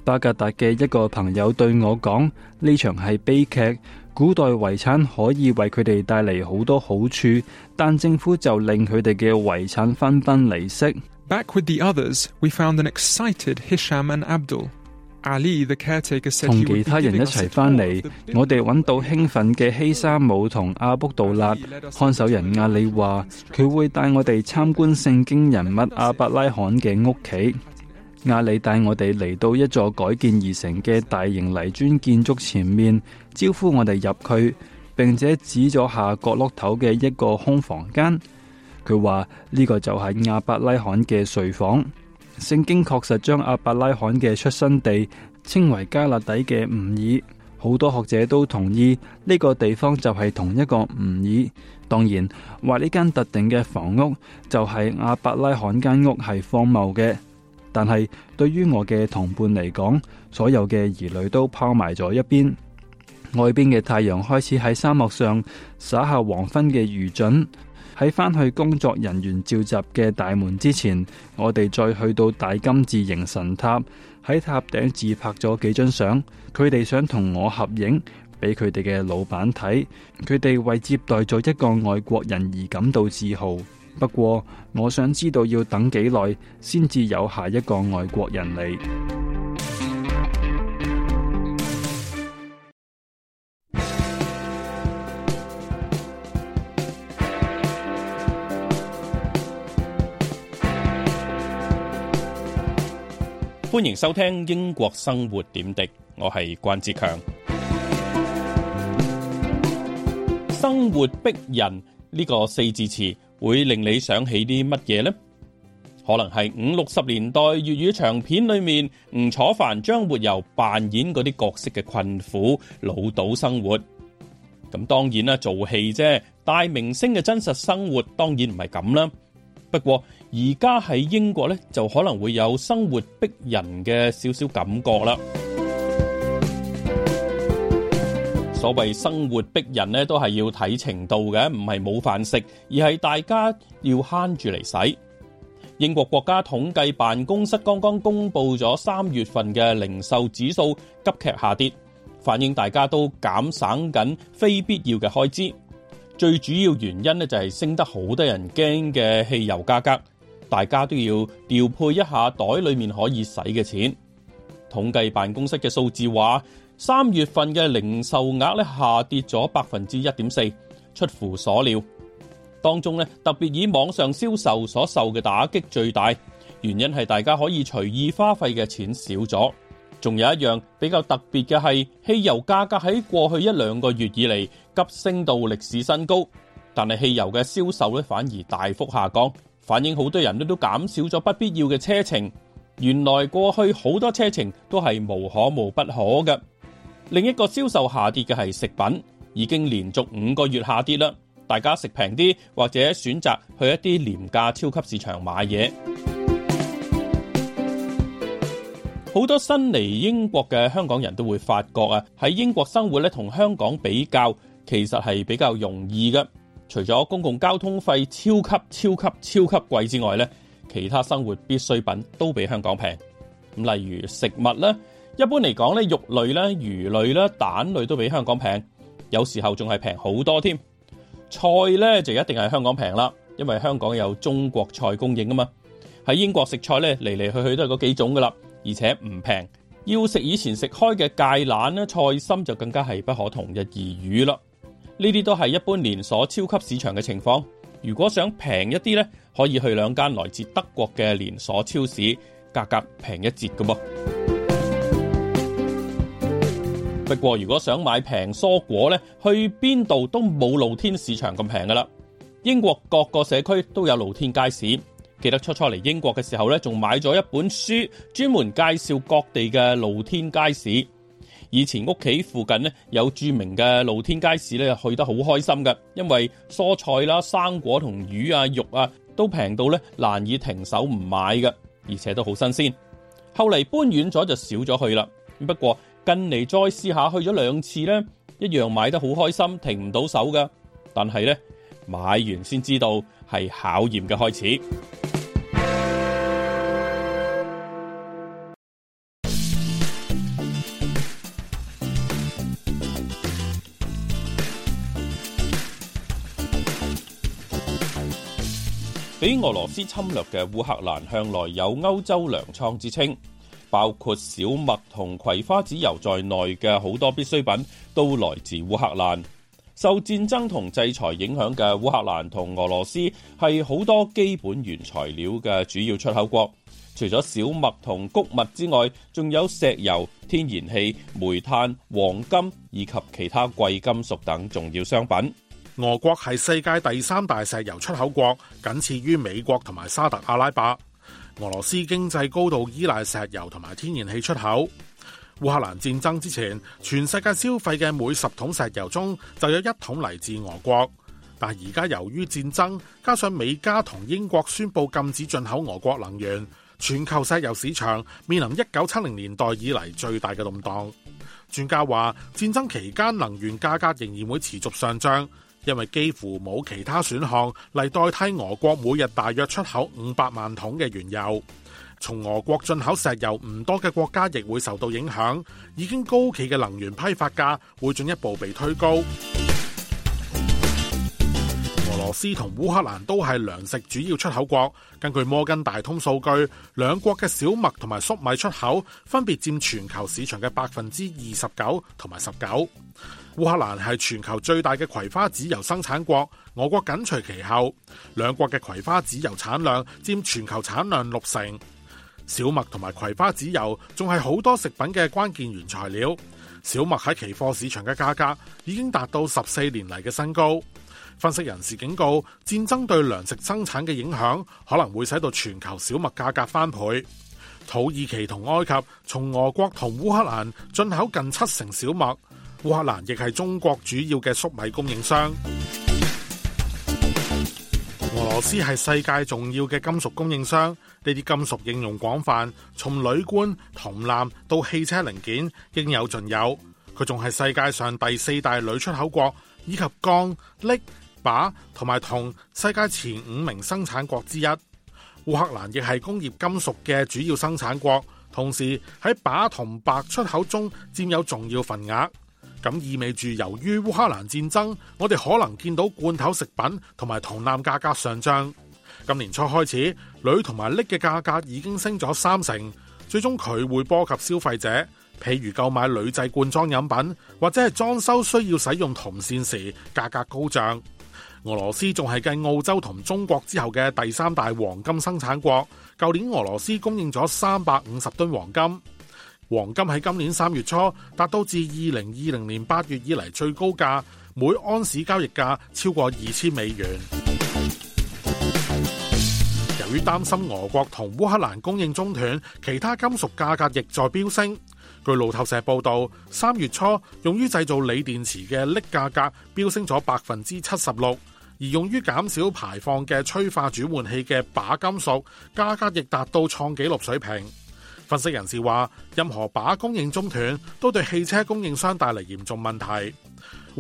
巴格達嘅一個朋友對我講：呢場係悲劇，古代遺產可以為佢哋帶嚟好多好處，但政府就令佢哋嘅遺產分崩離析。Back with the others, we found an 阿同其他人一齊返嚟，我哋揾到興奮嘅希沙姆同阿卜杜勒。看守人阿里話佢會帶我哋參觀聖經人物阿伯拉罕嘅屋企。阿里帶我哋嚟到一座改建而成嘅大型泥磚建築前面，招呼我哋入去，並且指咗下角落頭嘅一個空房間。佢話呢個就係阿伯拉罕嘅睡房。聖經確實將阿伯拉罕嘅出生地稱為加勒底嘅吾爾，好多學者都同意呢、這個地方就係同一個吾爾。當然話呢間特定嘅房屋就係阿伯拉罕間屋係荒謬嘅，但係對於我嘅同伴嚟講，所有嘅疑慮都拋埋咗一邊，外邊嘅太陽開始喺沙漠上灑下黃昏嘅餘燼。喺返去工作人員召集嘅大門之前，我哋再去到大金字形神塔，喺塔頂自拍咗幾張相。佢哋想同我合影，俾佢哋嘅老闆睇。佢哋為接待咗一個外國人而感到自豪。不過，我想知道要等幾耐先至有下一個外國人嚟。歡迎收聽《英國生活點滴》，我係關志強。生活逼人呢個四字詞會令你想起啲乜嘢呢？可能係五六十年代粵語長片裏面吳楚帆、張活游扮演嗰啲角色嘅困苦潦倒生活。咁當然啦，做戲啫，大明星嘅真實生活當然唔係咁啦。不過，而家喺英國咧，就可能會有生活逼人嘅少少感覺啦。所謂生活逼人呢，都係要睇程度嘅，唔係冇飯食，而係大家要慳住嚟使。英國國家統計辦公室剛剛公布咗三月份嘅零售指數急劇下跌，反映大家都減省緊非必要嘅開支。最主要原因呢，就係升得好多人驚嘅汽油價格。大家都要調配一下袋裏面可以使嘅錢。統計辦公室嘅數字話，三月份嘅零售額咧下跌咗百分之一點四，出乎所料。當中咧特別以網上銷售所受嘅打擊最大，原因係大家可以隨意花費嘅錢少咗。仲有一樣比較特別嘅係，汽油價格喺過去一兩個月以嚟急升到歷史新高，但係汽油嘅銷售咧反而大幅下降。反映好多人都都減少咗不必要嘅車程，原來過去好多車程都係無可無不可嘅。另一個銷售下跌嘅係食品，已經連續五個月下跌啦。大家食平啲，或者選擇去一啲廉價超級市場買嘢。好多新嚟英國嘅香港人都會發覺啊，喺英國生活咧，同香港比較，其實係比較容易嘅。除咗公共交通費超級超級超級貴之外咧，其他生活必需品都比香港平。例如食物咧，一般嚟講咧，肉類咧、魚類咧、蛋類都比香港平，有時候仲係平好多添。菜咧就一定係香港平啦，因為香港有中國菜供應啊嘛。喺英國食菜咧，嚟嚟去去都係嗰幾種噶啦，而且唔平。要食以前食開嘅芥蘭咧、菜心就更加係不可同日而語啦。呢啲都係一般連鎖超級市場嘅情況。如果想平一啲呢，可以去兩間來自德國嘅連鎖超市，價格平一折嘅噃。 不過，如果想買平蔬果呢，去邊度都冇露天市場咁平噶啦。英國各個社區都有露天街市。記得初初嚟英國嘅時候呢，仲買咗一本書，專門介紹各地嘅露天街市。以前屋企附近呢，有著名嘅露天街市咧，去得好開心噶，因為蔬菜啦、生果同魚啊、肉啊都平到咧，難以停手唔買噶，而且都好新鮮。後嚟搬遠咗就少咗去啦。不過近嚟再試下去咗兩次咧，一樣買得好開心，停唔到手噶。但係咧，買完先知道係考驗嘅開始。俄羅斯侵略嘅烏克蘭向來有歐洲糧倉之稱，包括小麥同葵花籽油在內嘅好多必需品都來自烏克蘭。受戰爭同制裁影響嘅烏克蘭同俄羅斯係好多基本原材料嘅主要出口國。除咗小麥同穀物之外，仲有石油、天然氣、煤炭、黃金以及其他貴金屬等重要商品。俄國係世界第三大石油出口國，僅次於美國同埋沙特阿拉伯。俄羅斯經濟高度依賴石油同埋天然氣出口。烏克蘭戰爭之前，全世界消費嘅每十桶石油中就有一桶嚟自俄國。但係而家由於戰爭，加上美加同英國宣布禁止進口俄國能源，全球石油市場面臨一九七零年代以嚟最大嘅動盪。專家話，戰爭期間能源價格仍然會持續上漲。因為幾乎冇其他選項嚟代替俄國每日大約出口五百萬桶嘅原油，從俄國進口石油唔多嘅國家亦會受到影響，已經高企嘅能源批發價會進一步被推高。俄羅斯同烏克蘭都係糧食主要出口國，根據摩根大通數據，兩國嘅小麥同埋粟米出口分別佔全球市場嘅百分之二十九同埋十九。烏克蘭係全球最大嘅葵花籽油生產國，俄國緊隨其後。兩國嘅葵花籽油產量佔全球產量六成。小麥同埋葵花籽油仲係好多食品嘅關鍵原材料。小麥喺期貨市場嘅價格已經達到十四年嚟嘅新高。分析人士警告，戰爭對糧食生產嘅影響可能會使到全球小麥價格翻倍。土耳其同埃及從俄國同烏克蘭進口近七成小麥。烏克蘭亦係中國主要嘅粟米供應商。俄羅斯係世界重要嘅金屬供應商，呢啲金屬應用廣泛，從鋁罐、銅纜到汽車零件應有盡有。佢仲係世界上第四大鋁出口國，以及鋼、鎳、鈀同埋銅世界前五名生產國之一。烏克蘭亦係工業金屬嘅主要生產國，同時喺鈀同白出口中佔有重要份額。咁意味住，由於烏克蘭戰爭，我哋可能見到罐頭食品同埋銅籃價格上漲。今年初開始，鋁同埋鎳嘅價格已經升咗三成，最終佢會波及消費者，譬如購買鋁製罐裝飲品或者係裝修需要使用銅線時，價格高漲。俄羅斯仲係繼澳洲同中國之後嘅第三大黃金生產國，舊年俄羅斯供應咗三百五十噸黃金。黃金喺今年三月初達到至二零二零年八月以嚟最高價，每安士交易價超過二千美元。 由於擔心俄國同烏克蘭供應中斷，其他金屬價格亦再飆升。據路透社報道，三月初用於製造鋰電池嘅鎳價格飆升咗百分之七十六，而用於減少排放嘅催化轉換器嘅鈀金屬價格亦達到創紀錄水平。分析人士話，任何把供應中斷都對汽車供應商帶嚟嚴重問題。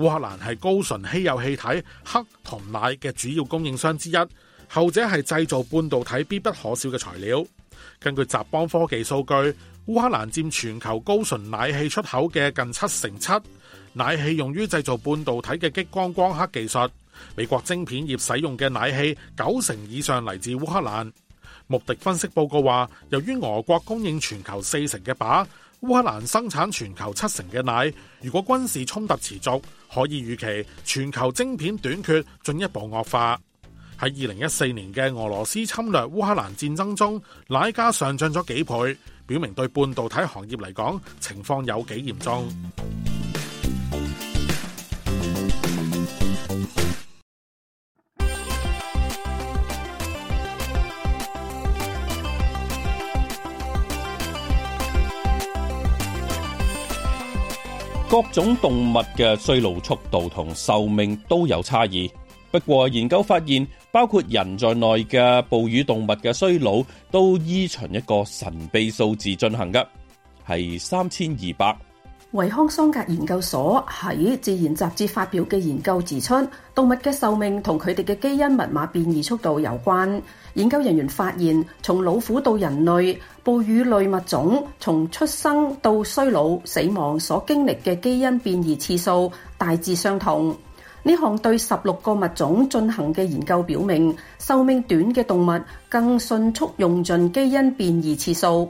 烏克蘭係高純稀有氣體氪同氖嘅主要供應商之一，後者係製造半導體必不可少嘅材料。根據集邦科技數據，烏克蘭佔全球高純氖氣出口嘅近七成七，氖氣用於製造半導體嘅激光光刻技術。美國晶片業使用嘅氖氣九成以上嚟自烏克蘭。穆迪分析報告話，由於俄國供應全球四成嘅鈀，烏克蘭生產全球七成嘅氖，如果軍事衝突持續，可以預期全球晶片短缺進一步惡化。喺二零一四年嘅俄羅斯侵略烏克蘭戰爭中，氖價上漲咗幾倍，表明對半導體行業嚟講情況有幾嚴重。各種動物嘅衰老速度同壽命都有差異。不過研究發現，包括人在內嘅哺乳動物嘅衰老都依循一個神秘數字進行㗎，係三千二百。維康桑格研究所喺《自然》雜誌發表嘅研究指出，動物嘅壽命同佢哋嘅基因密碼變異速度有關。研究人員發現，從老虎到人類、哺乳類物種，從出生到衰老死亡所經歷嘅基因變異次數大致相同。呢項對十六個物種進行嘅研究表明，壽命短嘅動物更迅速用盡基因變異次數。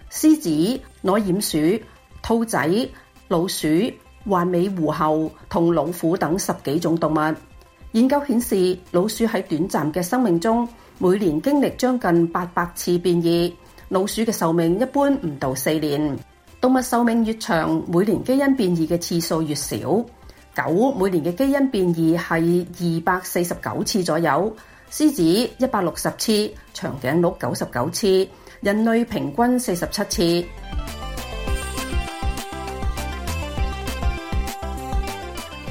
獅子、裸鼴鼠、兔仔、老鼠、環尾狐猴同老虎等十幾種動物。研究顯示，老鼠喺短暫嘅生命中，每年經歷將近八百次變異。老鼠嘅壽命一般唔到四年。動物壽命越長，每年基因變異嘅次數越少。狗每年嘅基因變異係二百四十九次左右。獅子一百六十次，長頸鹿九十九次。人類平均四十七次。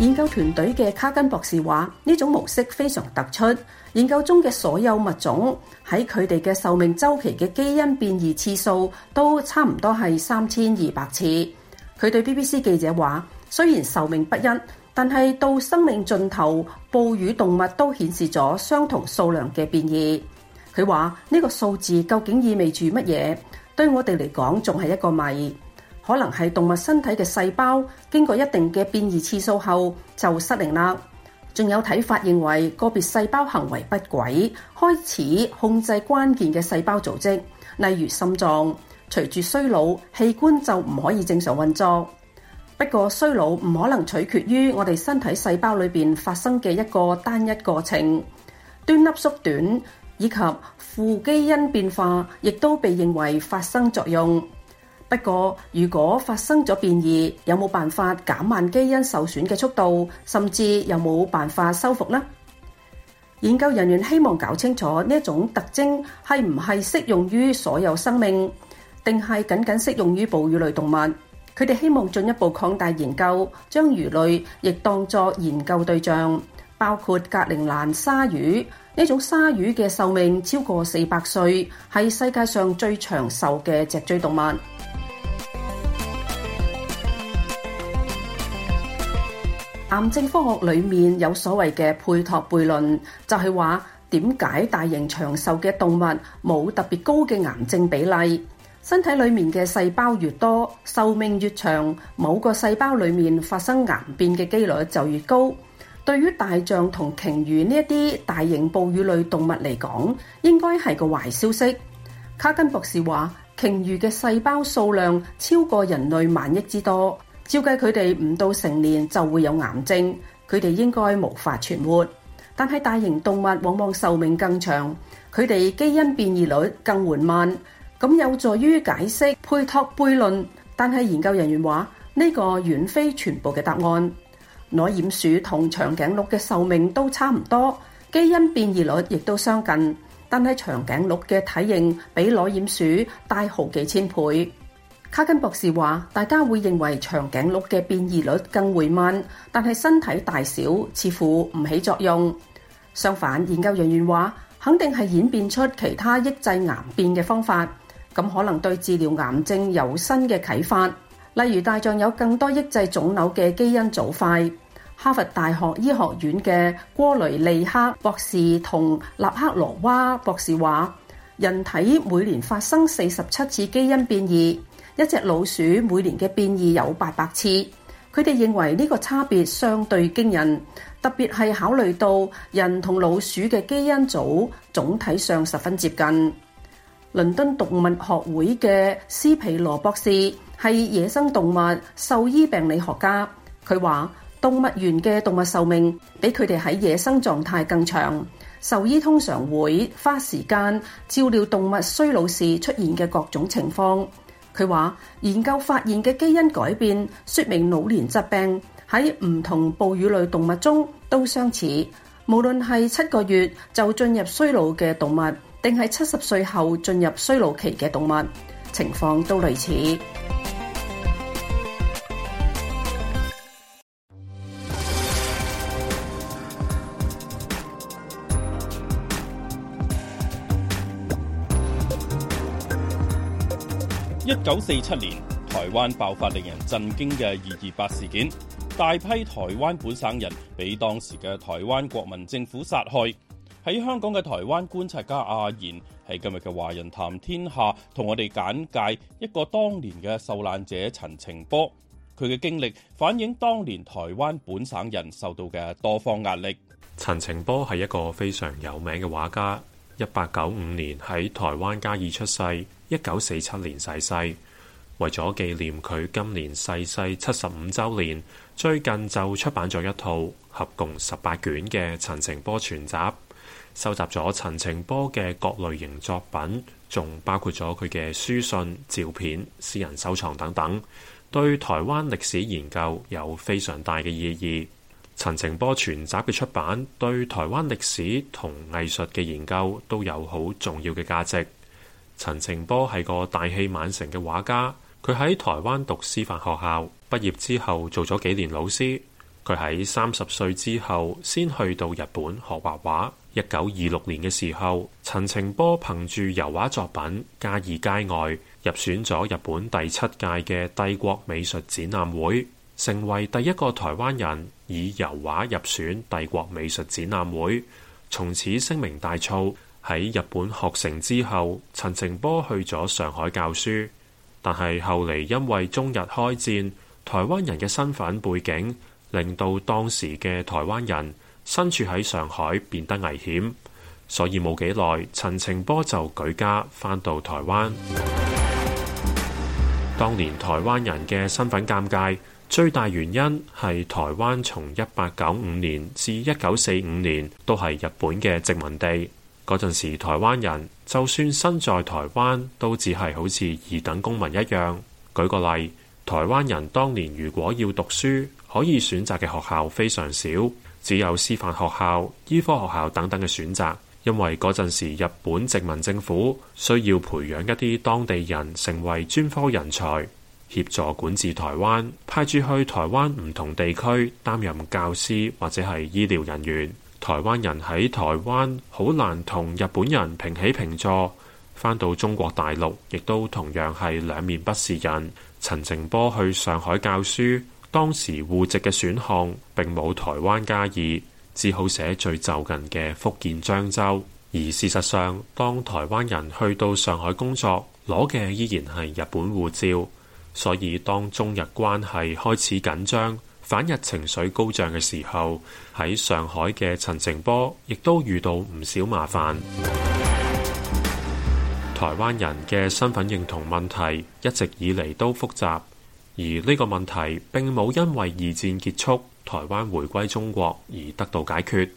研究團隊嘅卡根博士話：呢種模式非常突出。研究中嘅所有物種喺佢哋嘅壽命週期嘅基因變異次數都差唔多係三千二百次。佢對 BBC 記者話：雖然壽命不一，但係到生命盡頭，哺乳動物都顯示咗相同數量嘅變異。佢話呢個數字究竟意味住乜嘢？對我哋嚟講，仲係一個謎。可能係動物身體嘅細胞經過一定嘅變異次數後就失靈啦。仲有睇法認為個別細胞行為不軌，開始控制關鍵嘅細胞組織，例如心臟。隨住衰老，器官就唔可以正常運作。不過衰老唔可能取決於我哋身體細胞裏邊發生嘅一個單一過程。端粒縮短，以及副基因變化亦都被認為發生作用。不過，如果發生咗變異，有冇辦法減慢基因受損嘅速度，甚至有冇辦法修復呢？研究人員希望搞清楚呢一種特徵係唔係適用於所有生命，定係僅僅適用於哺乳類動物。佢哋希望進一步擴大研究，將魚類亦當作研究對象，包括格陵蘭鯊魚。呢種鯊魚嘅壽命超過四百歲，係世界上最長壽嘅脊椎動物。癌症科學裏面有所謂嘅佩托悖論，就係話點解大型長壽嘅動物冇特別高嘅癌症比例？身體裏面嘅細胞越多，壽命越長，某個細胞裏面發生癌變嘅機率就越高。對於大象同鯨魚呢一啲大型哺乳類動物嚟講，應該係個壞消息。卡根博士話：鯨魚嘅細胞數量超過人類萬億之多，照計佢哋唔到成年就會有癌症，佢哋應該無法存活。但係大型動物往往壽命更長，佢哋基因變異率更緩慢，咁有助於解釋佩托悖論。但係研究人員話呢個遠非全部嘅答案。裸鼴鼠同長頸鹿嘅壽命都差唔多，基因變異率亦都相近，但係長頸鹿嘅體型比裸鼴鼠大好幾千倍。卡根博士話，大家會認為長頸鹿嘅變異率更緩慢，但係身體大小似乎唔起作用。相反，研究人員話，肯定係演變出其他抑制癌變嘅方法，咁可能對治療癌症有新嘅啟發。例如大象有更多抑制腫瘤嘅基因組塊。哈佛大學醫學院嘅哥雷利克博士同納克羅娃博士話，人體每年發生四十七次基因變異，一隻老鼠每年嘅變異有八百次。佢哋認為呢個差別相對驚人，特別係考慮到人同老鼠嘅基因組總體上十分接近。倫敦動物學會嘅斯皮羅博士，係野生動物獸醫病理學家，佢話動物園嘅動物壽命比佢哋喺野生狀態更長。獸醫通常會花時間照料動物衰老時出現嘅各種情況。佢話研究發現嘅基因改變，說明老年疾病喺唔同哺乳類動物中都相似，無論係七個月就進入衰老嘅動物，定係七十歲後進入衰老期嘅動物，情況都類似。一九四七年，台灣爆發令人震驚嘅二二八事件，大批台灣本省人被當時嘅台灣國民政府殺害。喺香港嘅台灣觀察家阿言，喺今日嘅華人談天下，同我哋簡介一個當年嘅受難者陳澄波，佢嘅經歷反映當年台灣本省人受到嘅多方壓力。陳澄波係一個非常有名嘅畫家，一八九五年喺台灣嘉義出世，一九四七年逝世。為咗紀念佢今年逝世七十五週年，最近就出版咗一套合共十八卷嘅陳澄波全集。收集咗陳澄波嘅各類型作品，仲包括咗佢嘅書信、照片、私人收藏等等，對台灣歷史研究有非常大嘅意義。陳澄波全集嘅出版對台灣歷史同藝術嘅研究都有好重要嘅價值。陳澄波係個大器晚成嘅畫家，佢喺台灣讀師範學校，畢業之後做咗幾年老師。佢喺三十歲之後先去到日本學畫畫。一九二六年嘅時候，陳澄波憑住油畫作品《嘉義街外》入選咗日本第七屆嘅帝國美術展覽會，成為第一個台灣人以油畫入選帝國美術展覽會，從此聲名大噪。喺日本學成之後，陳澄波去咗上海教書，但係後嚟因為中日開戰，台灣人嘅身份背景。令到當時嘅台灣人身處喺上海變得危險，所以冇幾耐，陳澄波就舉家返到台灣。當年台灣人嘅身份尷尬，最大原因係台灣從一八九五年至一九四五年都係日本嘅殖民地。嗰陣時，台灣人就算身在台灣，都只係好似二等公民一樣。舉個例，台灣人當年如果要讀書，可以選擇嘅學校非常少，只有師範學校、醫科學校等等嘅選擇。因為嗰陣時，日本殖民政府需要培養一啲當地人成為專科人才，協助管治台灣，派駐去台灣唔同地區擔任教師或者係醫療人員。台灣人喺台灣好難同日本人平起平坐，返到中國大陸亦都同樣係兩面不是人。陳澄波去上海教書。當時戶籍嘅選項並冇台灣加二，只好寫最就近嘅福建漳州。而事實上，當台灣人去到上海工作，攞嘅依然係日本護照。所以當中日關係開始緊張，反日情緒高漲嘅時候，喺上海嘅陳澄波亦都遇到唔少麻煩。台灣人嘅身份認同問題一直以嚟都複雜。而呢個問題並冇因為二戰結束，台灣回歸中國而得到解決。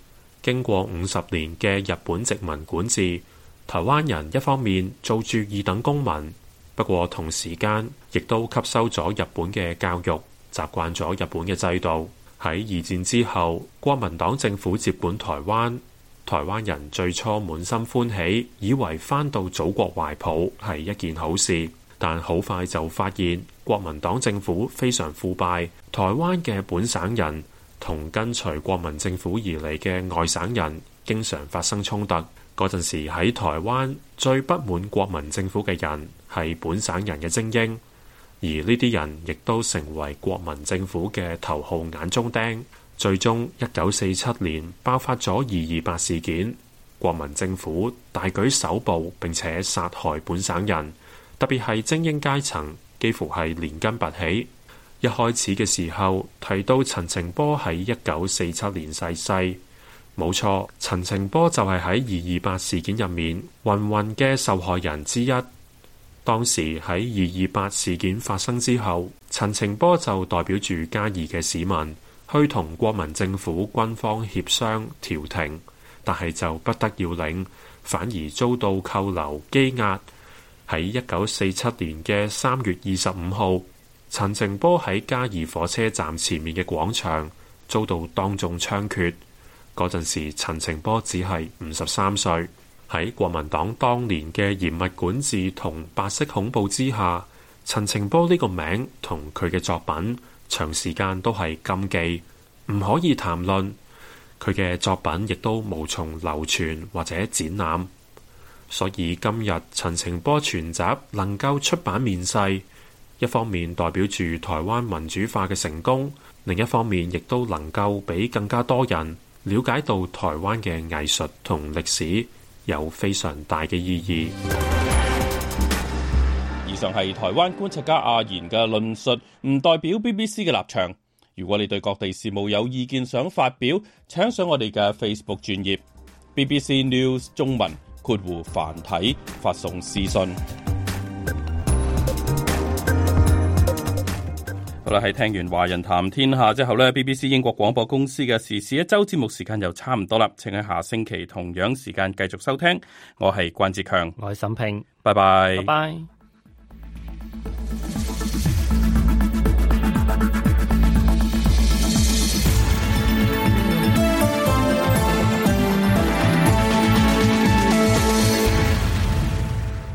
經過五十年嘅日本殖民管治，台灣人一方面做住二等公民，不過同時間亦都吸收咗日本嘅教育，習慣咗日本嘅制度。喺二戰之後，國民黨政府接管台灣，台灣人最初滿心歡喜，以為翻到祖國懷抱係一件好事，但好快就發現。國民黨政府非常腐敗，台灣嘅本省人同跟隨國民政府而嚟嘅外省人經常發生衝突。嗰陣時喺台灣最不滿國民政府嘅人係本省人嘅精英，而呢啲人亦都成為國民政府嘅頭號眼中釘。最終，一九四七年爆發咗二二八事件，國民政府大舉搜捕，並且殺害本省人，特別係精英階層。幾乎係連根拔起。一開始嘅時候提到陳澄波喺一九四七年逝世，冇錯，陳澄波就係喺二二八事件入面芸芸嘅受害人之一。當時喺二二八事件發生之後，陳澄波就代表住嘉義嘅市民去同國民政府軍方協商調停，但係就不得要領，反而遭到扣留、羈押。喺一九四七年嘅三月二十五號，陳澄波喺嘉義火車站前面嘅廣場遭到當眾槍決。嗰陣時，陳澄波只係五十三歲。喺國民黨當年嘅嚴密管治同白色恐怖之下，陳澄波呢個名同佢嘅作品，長時間都係禁忌，唔可以談論。佢嘅作品亦都無從流傳或者展覽。所以今日《陳澄波全集》能夠出版面世，一方面代表住台灣民主化嘅成功，另一方面亦都能夠俾更加多人了解到台灣嘅藝術同歷史，有非常大嘅意義。以上係台灣觀察家阿賢嘅論述，唔代表 BBC 嘅立場。如果你對各地事務有意見想發表，請上我哋嘅 Facebook 專頁 BBC News 中文。括弧繁體發送私信。好啦，喺聽完《華人談天下》之後呢，BBC 英國廣播公司嘅時事一周節目時間又差唔多啦。請喺下星期同樣時間繼續收聽。我係關志強，我係沈平，拜拜。